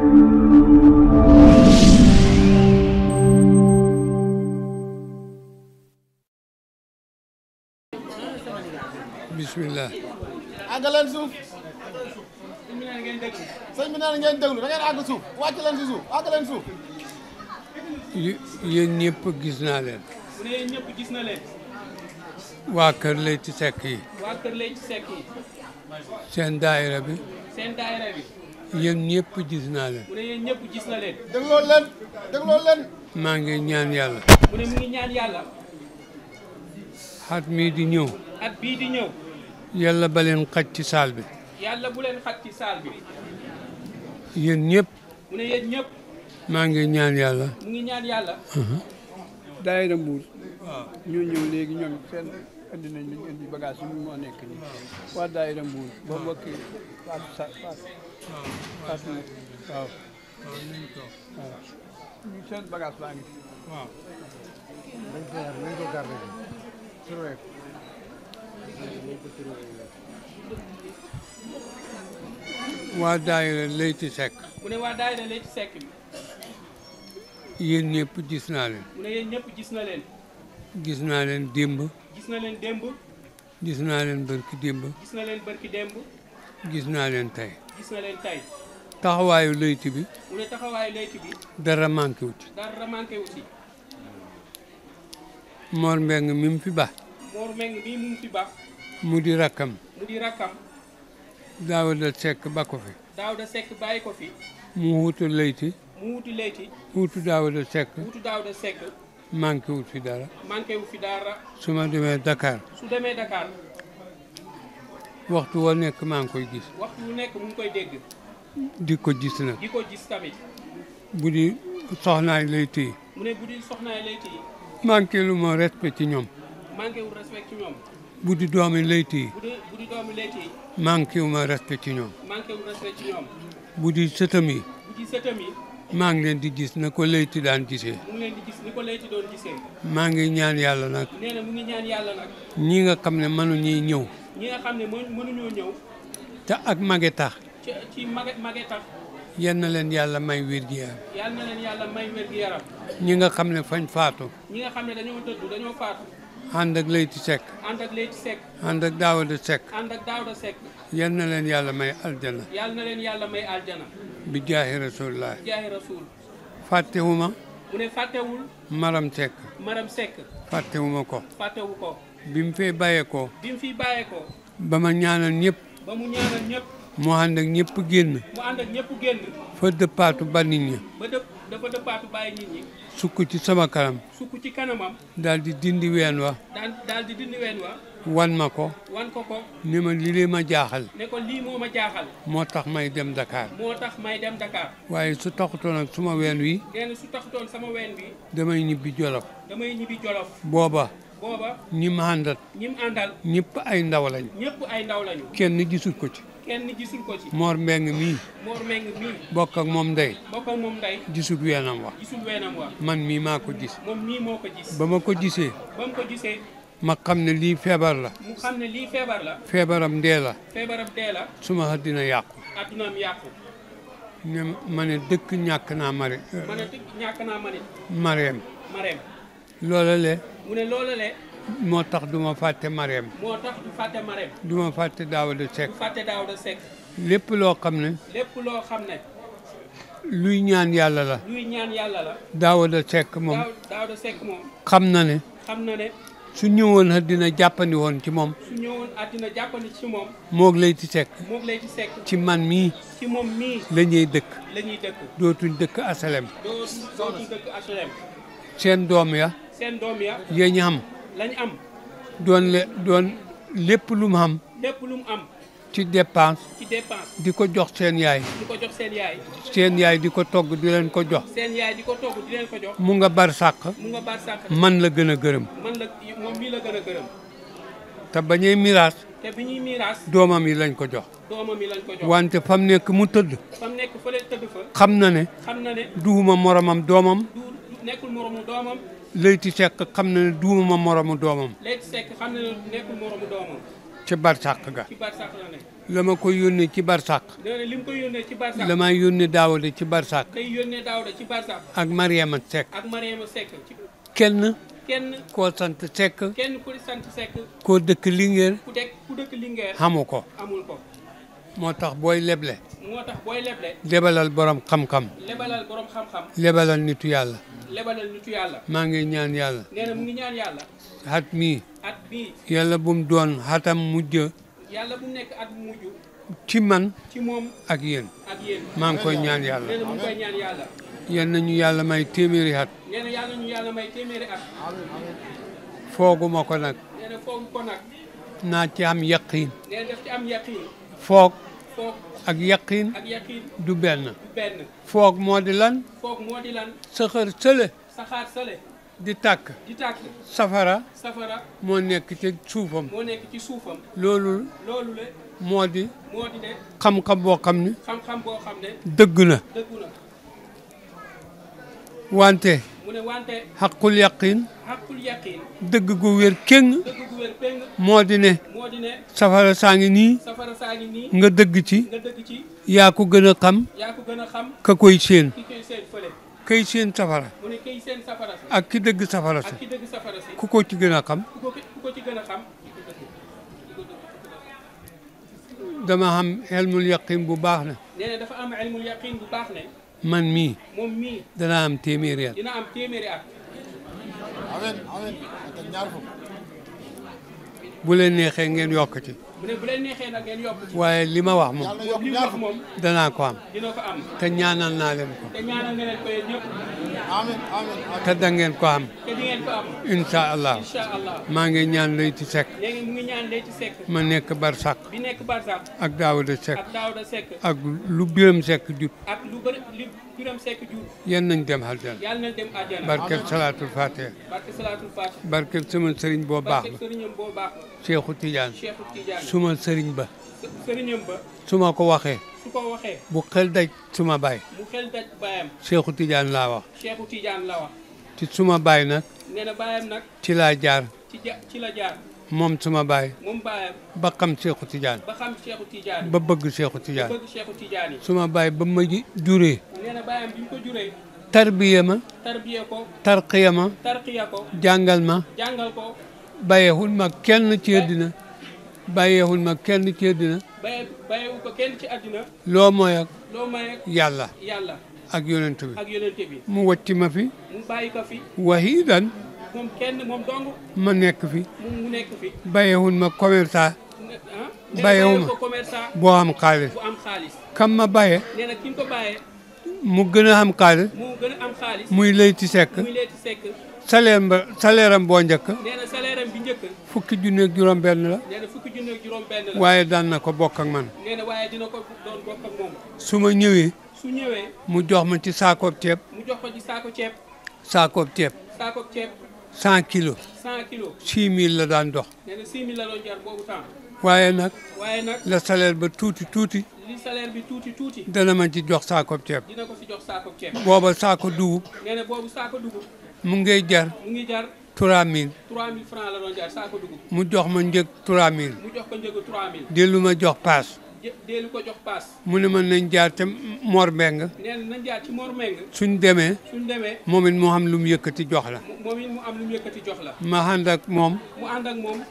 bismillah. àgg leen suuf. sëñ bi naan ngeen déglu da ngeen àgg suuf wàcc leen si suuf àgg leen suuf. yéen ñëpp gis naa leen. ne yéen ñëpp gis na leen. waa kër Leyti Seck yi. waa kër Leyti Seck yi. seen daayira bi. seen daayira bi. yéen ñëpp gis naa leen. na leen. maa ngi ñaan yàlla. mu ne mu ngi ñaan yàlla. at mii di ñëw. at bii di ñëw. yàlla ba leen xaj ci saal bi. yàlla bu leen ci saal bi. yéen ñëpp. mu ne yéen ñëpp. maa ngi ñaan yàlla. mu ngi ñaan yàlla. Uh-huh. daayira Mbuur. ñoo ñëw léegi ñoom indi nañ liñ indi bagage yi nekk nii waa daayira Mbuur ba mbokki ah, baa ngi waaw waa daayira Leyti Seck mu ne waa daayira Leyti Seck gis naa leen mu naa leen démb leen démb. naa leen barki démb. gis na leen barki démb. naa leen tey. gis na leen tey. taxawaayu layti bi. dara manqué wu ci. dara manqué wu fi baax. Mor Mbengue mi mu fi baax. di rakkam. mu di rakkam. ba ko fi. Daawda Seck bàyyi ko mu wutu layti. layti. wutu Daawda Seck. wutu Daawda Seck. manqué wul fi dara. manqué wu fi dara. su ma demee Dakar. waxtu woo nekk maa ngi koy gis. waxtu wu nekk di ko gis nag. di ko gis tamit. bu di soxnaay lay téye. mu ma respect ci ñoom. manqué wu respect ci ñoom. bu di doomi lay téye. bu respect ci ñoom. manqué wu bu di sëtam yi. maa ngi leen di gis na ko layti daan gisee. maa ngi ñaan yàlla nag. ñi nga xam ne mënuñuy ñëw. mënuñoo ñëw. te ak mage tax. na leen yàlla may wér gi yaram. ñi nga xam ne fañ faatu. ñi nga xam ne dañoo dëddu dañoo faatu. ànd ak Leyti Seck. leen yàlla may aljana. na leen yàlla may aljana. bi jaahi rasulillah. jaahi rasul. fàttewuma. mu ne fàttewul. maram sekk. maram sekk. fàttewuma ko. fàttewu ko. bi mu fee bàyyeekoo. bi mu fiy bàyyeekoo. ba ma ñaanal ñëpp. ba mu ñaanal ñëpp. mu ànd ak ñëpp génn. mu fa dëppaatu ba nit ñi. sukk ci sama kanam. sukk ci kanamam. daal di dindi ween wa. wan ma ko. wan ko ma lii ma jaaxal. moo tax may dem Dakar. waaye su taxutoon suma ween wi. nee damay ñibbi Jolof. booba. booba ñi mu àndal. ñi ay ndaw lañu. kenn gisul ko ci. kenn gisul mii. Mor Mbeng mii. bokk ak moom ndey. bokk ak man mii maa ko gis. ba ma ko gisee. ma ko gisee. ma xam ne lii feebar la. mu xam ne lii feebar la. feebaram dee la. feebaram dee la. suma addina yàqu. addinaam yàqu. ne ma ne dëkk ñàkk naa mari. ma ne dëkk ñàkk naa mari. mareem. mareem. loola le. mu ne loola le. moo tax du ma fàtte mareem. moo tax du fàtte mareem. du ma fàtte Daawda Sekk. du fàtte Daawda Sekk. lépp loo xam ne. lépp loo xam ne. luy ñaan yàlla la. luy ñaan yàlla la. Daawda Sekk moom. Daawda Sekk moom. xam na ne. xam na ne. su ñëwoon dina jàppandi woon ci moom. su ñëwoon dina jàppandi ci moom. moog lay ti sekk. lay ti sekk. ci man mii. ci moom mii. la dëkk. la ñuy dëkk. dootuñ dëkk asalem. seen doom ya. seen doom ya. yéen ñi am. lañ am. doon le doon am. lépp lu am. ci dépense. di ko jox seen yaay. di ko seen yaay. di ko togg di leen ko jox. mu nga bar sàq. man la gën a gërëm. man la te bañuy miraas. doomam yi lañ ko jox. wante fam nekk mu tëdd. xam na ne. xam na moromam doomam. du nekkul xam na ne duuma moromu doomam. ci barsàq ga la ma ko yónnee ci barsàq la ma yónnee daawuda ci barsàq ak Mariama Seck kenn koo sant Seck koo dëkk Linguère xamu ko moo tax booy leble lebalal borom xam-xam lebalal nitu yàlla maa ngi ñaan yàlla. nee mi yàlla. bum doon xatam mujj. mujj. ci man. ak yéen. maa ngi koy ñaan yàlla. nee yàlla. yal nañu yàlla may téeméeri at. fooguma ko nag. na foog ko naa ci am yaqiin. nee foog. ak yaqiin du benn foog moo di lan saxaar sële di tàkk safara moo nekk ci suufam loolu moo di xam-xam boo xam ni dëgg na wante mu ne wante xaqul yaqin xaqul yaqin dëgg gu wér kéng dëgg gu wér kéng moo di ne moo di ne safara saa ngi nii safara saa ngi nii nga dëgg ci nga dëgg ci yaa ko gën a xam yaa ko gën a xam ka koy séen ki koy séen fële kay seen safara mu ne kay seen safara ak ki dëgg safara si ak ki dëgg safara si ku ko ci gën a xam ku ko ci gën a xam dama xam xelmul yaqin bu baax ne nee na dafa am xelmul yaqin bu baax ne من مي من مي دنام تيميريا يعني. دنام تيميريا يعني. عوين عوين تنعرفو بولين نيخي نين يوكتي waaye li ma wax moom danaa ko am te ñaanal naa leen ko te da ngeen ko am incha maa ngi ñaan lay ci sekk ma nekk bar sàkk ak daawuda sekk ak lu biram sekk jut yenn nañ dem aljana barkeb salaatul fatiha barkeb sama sëriñ boo baax ba Seexu su ma sëriñ ba su ma ko waxee bu xel daj suma baay Seexu tiijaan laa wax ci suma baay nag nee na ci laa jaar. moom suma baay. moom baayam. ba xam Cheikhou Tidiane. ba xam Cheikhou Tidiane. ba bëgg Cheikhou Tidiane. jaan suma baay ba ma juree. nee tarbiya ma. tarbiya ma. tarqiya jàngal ma. jàngal ko. ma kenn ci àddina. bàyyeewul ma kenn ci àddina. loo mooy ak. yàlla. ak yonent bi ak mu watti ma fi. mu bàyyi ma nekk fi. mu nekk fi. bàyyiwul ma commerçant. Ah, ma boo am xaalis. bu kam ma bàyyee. mu gën a am xaalis. muy Leyti Seck. muy Leyti boo njëkk. nee na juróom benn la. waaye daan na ko bokk ak man. su ma ñëwee. mu jox ma ci saakoob ceeb. mu jox ko saako ceeb. saakoob ceeb. saakoob ceeb. cent kilos. cent la daan dox. waaye nag. la salaire ba tuuti tuuti. li ma ci jox saakoob ceeb. saakoob ceeb. booba saako dugub. boobu saako dugub. mu ngay jar. mu ngi mu jox ma njëg 3000. mu jox lu ma jox paas. dee lu ko jox mu ne mën nañ jaar te Mor Mbengue. suñ demee. suñ demee moom it mu am lu mu yëkkati jox la. moom ma ànd moom. mu ànd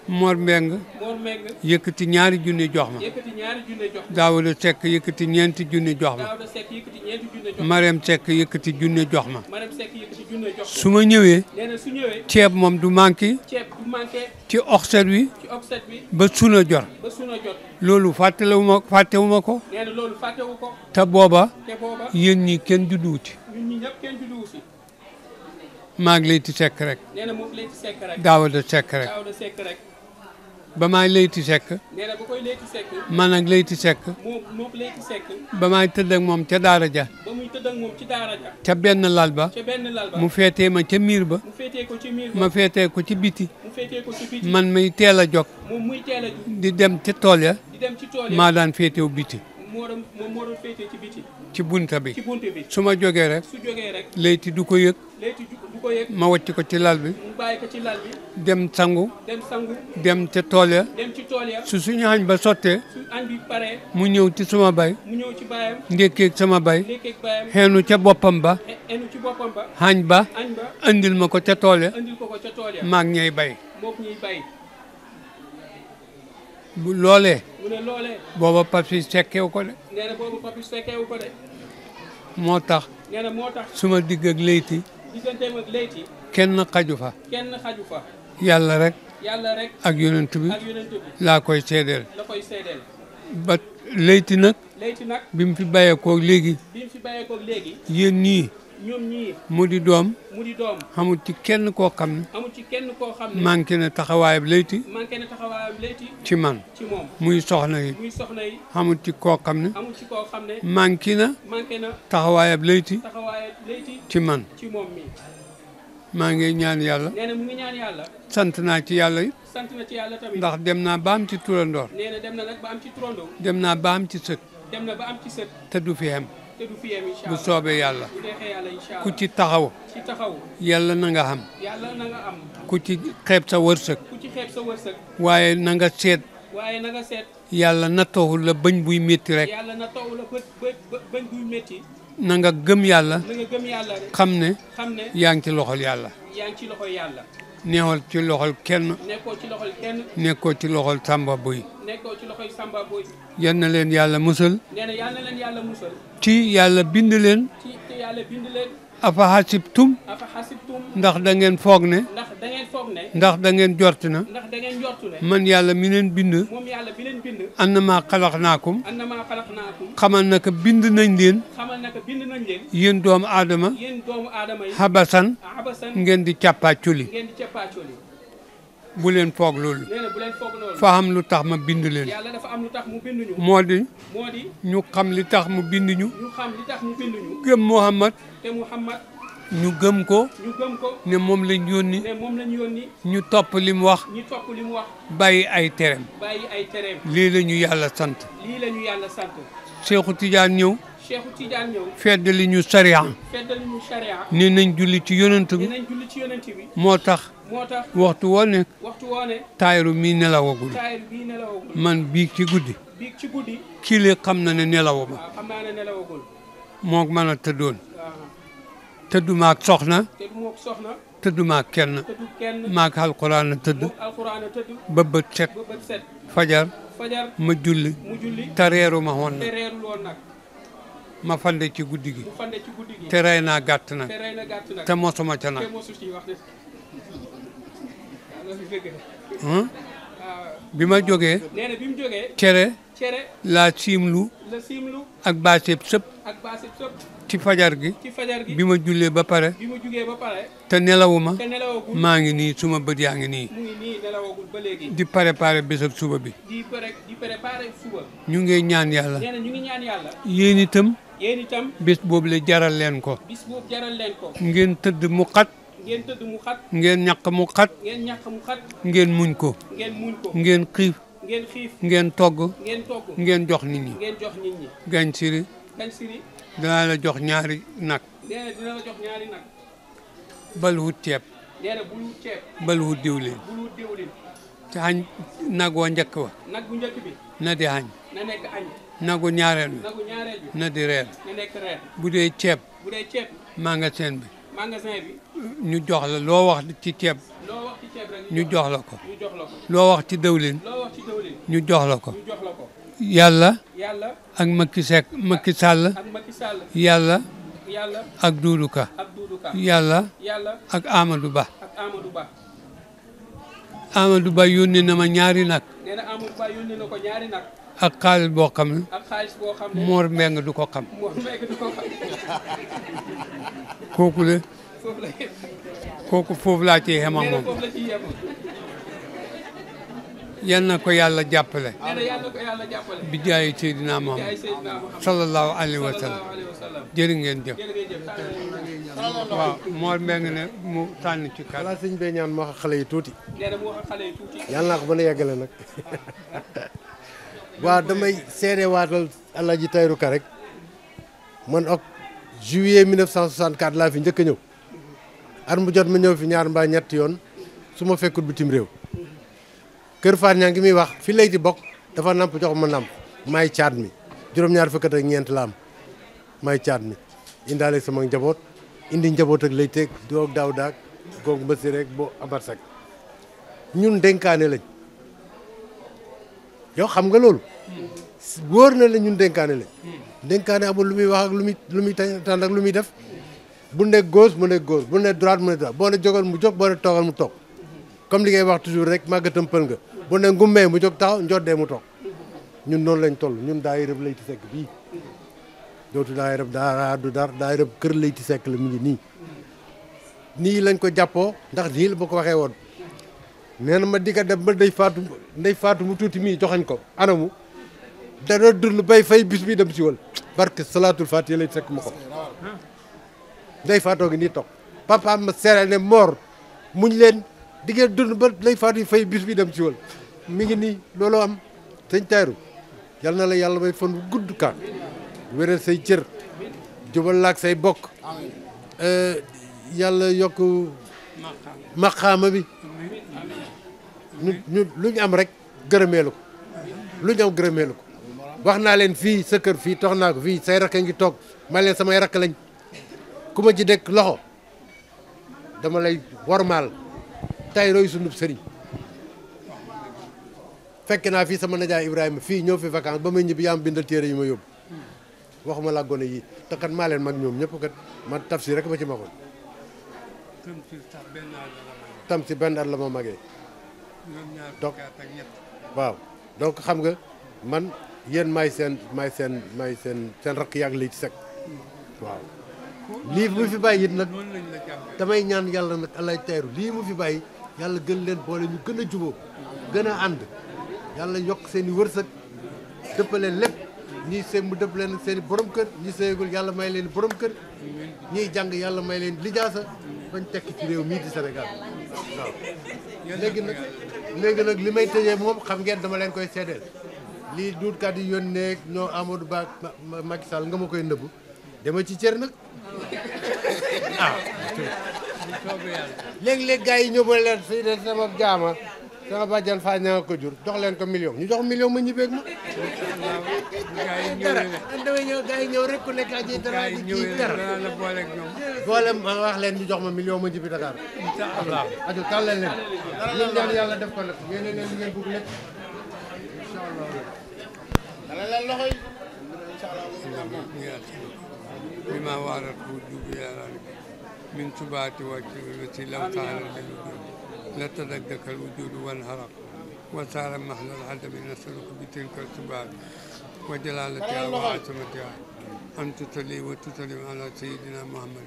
Mor Mbengue. Mor Mbengue. yëkkati ñaari junni jox ma. yëkkati ñaari junni jox ñeenti junni jox ma. Daawuda Seck yëkkati junni jox ma. Marème jox ma. Marème su ma ñëwee. ceeb moom du manqué. ceeb ci oxset wi. ci oxset ba suuna jor. jor. loolu fàttalewu ma fàttewu ma ko. ko. te booba. te yéen ñi kenn du duuti. ñun ñi ñëpp kenn du maa ngi lay ti sekk rek. nee na moom ba maay Leyti Seck. nee na man ak Leyti Seck. moom ba maay tëdd moom ca Daara ja. ca benn lal ba. mu féetee ma ca miir ba. ma féetee ko ci biti. man muy teel a jóg. moom di dem ca tool ya. di dem ci tool ya maa daan féetewu biti. ci bunta bi su ma jógee rek. su du ko yëg. ko ma wàcc ko ci lal bi. dem sangu. dem sangu. dem ca tool ya. su suñu ba sottee. mu ñëw ci suma bay. mu ñëw sama bay. ndékkeeg baayam. ca boppam ba. xeenu ba. añ andil ma ko ca tool ya. andil bay. mook bu loolee. bu ne loolee. booba papi sekkeewu ko de. moo tax. suma digg ak kenn xaju fa. yàlla rek. ak yonent bi laa koy seedeel. la koy seedeel. ba nag. bi mu fi bàyyeekoo léegi. bi léegi. yéen ñii. mu di doom mu amul ci kenn koo xam ne amul ci na taxawaayam layti manqué ci man muy soxna yi muy amul ci koo xam ni amul ci na manqué na layti ci man maa ngi ñaan yàlla sant naa ci yàlla it sant na ci ndax dem naa ba ci turandoor nee na dem naa ba ci sët te du fi am te du bu soobee yàlla. ku ci taxaw. yàlla na nga xam. ku ci xeeb sa wërsëg. waaye na nga seet. yàlla na taxul la bëñ buy métti rekk yàlla na nga gëm yàlla. xam ne. yaa ngi ci loxo yàlla. yàlla. neewal ci loxol kenn. nekkoo ci loxol kenn. nekkoo ci Samba Boy. nekkoo na leen yàlla musal. nee ci yàlla bind leen. afa xasibtum ndax dangeen foog ne ndax da ngeen jort na man yàlla mi leen bind annama xalaxnaakum xamal naka bind nañ leen yéen doomu aadama habasan ngeen di càppaaculi bu leen foog loolu fa am lu tax ma bind leen moo di ñu xam li tax mu bind ñu gëm Muhammad te ñu gëm ko. ne moom lañ yónni. ñu topp li wax. ñu bàyyi ay tereem. lii la ñu yàlla sant. lii la ñëw. Cheikhou Tidiane ñu sariya. feddali ne nañ julli ci yonent moo tax. waxtu woo ne. waxtu woo mii nelawagul. man biig ci guddi. kii la xam na ne nelawagul. moo mën a tëddoon. tëdduma ak soxna. tëdduma ak kenn. tëddu maak alquran tëdd. moom ba bët set. fajar. ma julli. te reeru ma ma fande ci guddi gi. te rey naa gàtt na te rey mosuma ci wax bi ma jógee. bi mu jógee. cere. laa siimlu. la ak baaseeb sëp ci fajar gi. bi ma julee ba pare. te nelawuma. maa ngi nii suma bët yaa ngi nii. mu ngi nii nelawagul ba di préparer bésab suba bi. ñu ngi ñaan yàlla. nee yéen itam. bés boobu la jaral leen ko. jaral leen ko. ngeen tëdd mu xat. ngeen nyak mu xat ngeen ñàkk mu xat ngeen ñàkk mu xat ngeen muñ ko ngeen muñ ko ngeen xiif ngeen xiif ngeen togg ngeen togg ngeen jox nit ñi ngeen jox nit ñi gañ siri gañ siri dinaa la jox ñaari nag dina la jox ñaari nag bal wut ceeb bul wut ceeb bal wut diwlin bul wut diwlin ci añ nag wa njëkk wa na di añ na nekk añ nagu ñaareel bi na di reer bu dee ceeb bu dee bi ñu jox la loo wax ci ceeb. ñu jox la ko. loo wax ci dëwlin. ñu jox la ko. yàlla. ak makki Seck Macky Sall. yàlla. ak Doudou Ka. yàlla. ak Amadou Ba. ak Ba. Amadou na ma ñaari nag. ak xaalis boo xam ne. ak xaalis du ko xam. kooku la kooku foofu laa ci xema moom yal na ko yàlla jàppale bi jaay Seydina Muhammad sallallahu alayhi wa sallam jërë ngeen jëf waaw Mor ne mu tànn ci kàddu wala xale yi tuuti yàlla naa ko mën a yeggale nag waaw damay seede waatal Alaaji Tayru Ka rek man ok juillet 1964 la fi ñëk ñëw at mu jot ma ñëw fi ñaar mbaa ñett yoon su ma fekkut bitim réew kër Faat ñaa ngi muy wax fi lay di bokk dafa namp jox ma namp maay caat mi juróom-ñaar fukkat ak ñeent la am maay caat mi indaale sama njaboot indi njaboot ak lay teeg doog daaw daag rek bo abar sak ñun dénkaane lañ yow xam nga loolu wóor na la ñun dénkaane lañ dénkaane amul lu muy wax ak lu muy lu muy tànn ak lu muy def bu nekk gauche mu ne gauche bu ne droite mu ne droite boo ne jógal mu jóg boo ne toogal mu toog comme li ngay wax toujours rek màggatam pël nga bu ne ngummee mu jóg taxaw njoddee mu toog ñun noonu lañ toll ñun daa rëb lay ti sekk bii dootu daay rëb daa du dar daay rëb kër lay ti sekk la mu ngi nii nii lañ ko jàppoo ndax nii la ma ko waxee woon nee na ma di ka dem ba ndey faatu ndey faatu mu tuuti mii joxañ ko anamu dana dund bay fay bis bii dem si wal barke salaatul fatiha lay fekk ma ko ndey faatoo ngi nii toog papaam ma seeral ne moor muñ leen di ngeen dund ba lay faatu fay bis bi dem si wal mi ngi nii looloo am sëñ Tayru yal na la yàlla may fan gudd kaan wéral say cër jubal laak say bokk yàlla yokk maqaama bi lu ñu am rek gërëmeelu ko lu ñu am gërëmeelu ko wax naa leen fii sa kër fii tox naa ko fii say rakk ngi toog ma leen samay rakk lañ ku ma ji dekk loxo dama lay wormaal tay roy sundub sëriñ fekk naa fii sama najaay Ibrahima fii ñëw fi vacances ba may ñibbi yaa am bindal téere yu ma yóbbu waxuma laa gone yi te leen mag ñoom ñëpp kat ma tafsir rek ma ci maxoon tam si ma magee donc waaw xam nga man yéen may seen may seen may seen seen rakk yaag lay ci sec waaw lii mu fi bàyyi it nag damay ñaan yàlla nag alay teeru lii mu fi bàyyi yàlla gën leen boole ñu gën a jubóo gën a ànd yàlla yokk seen i wërsëg dëppale lépp ñii seen mu dëpp leen seeni borom kër ñi seegul yàlla may leen borom kër ñiy jàng yàlla may leen lijaasa bañ tekki ci réew mii di senegal waaw léegi nag léegi nag li may tëjee moom xam ngeen dama leen koy seedeel lii duutkat yi yónnee ñoo Amadou Ba Macky sal nga ma koy nëbb dama ci cër nag ah léegi-léeg gars yi ñëw leen fii de sama jaama sama bàjjan faa ña nga ko jur jox leen ko million ñu jox million ma ñibbeeg ma dara damay ñëw gars yi rek ku nekk aji dara di kii dara boole ma wax leen ñu jox ma million ma ñibbi Dakar waaw ajo tàllal leen ñun yàlla def ko nag yéene leen ngeen bugg lépp بما وارد يا ذلك من تبات وجه التي لو كانت بالوجود لتدكك الوجود وانهرق وسار محل العدم نسألك بتلك التبات وجلالتها وعاصمتها أن تتلي وتسلم على سيدنا محمد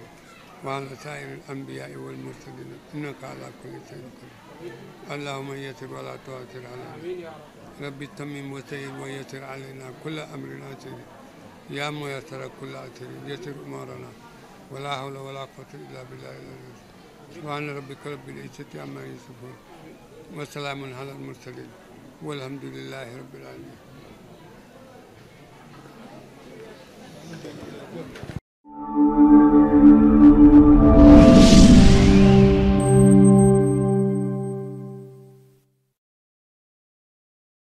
وعلى سائر الأنبياء والمرسلين إنك على كل شيء قدير اللهم يسر ولا تؤثر علينا ربي تمم وتيم ويسر علينا كل أمرنا سيدي يا ميسر كل اتري يتر أمورنا ولا حول ولا قوة إلا بالله سبحان ربك رب العزة عما يصفون وسلام على المرسلين والحمد لله رب العالمين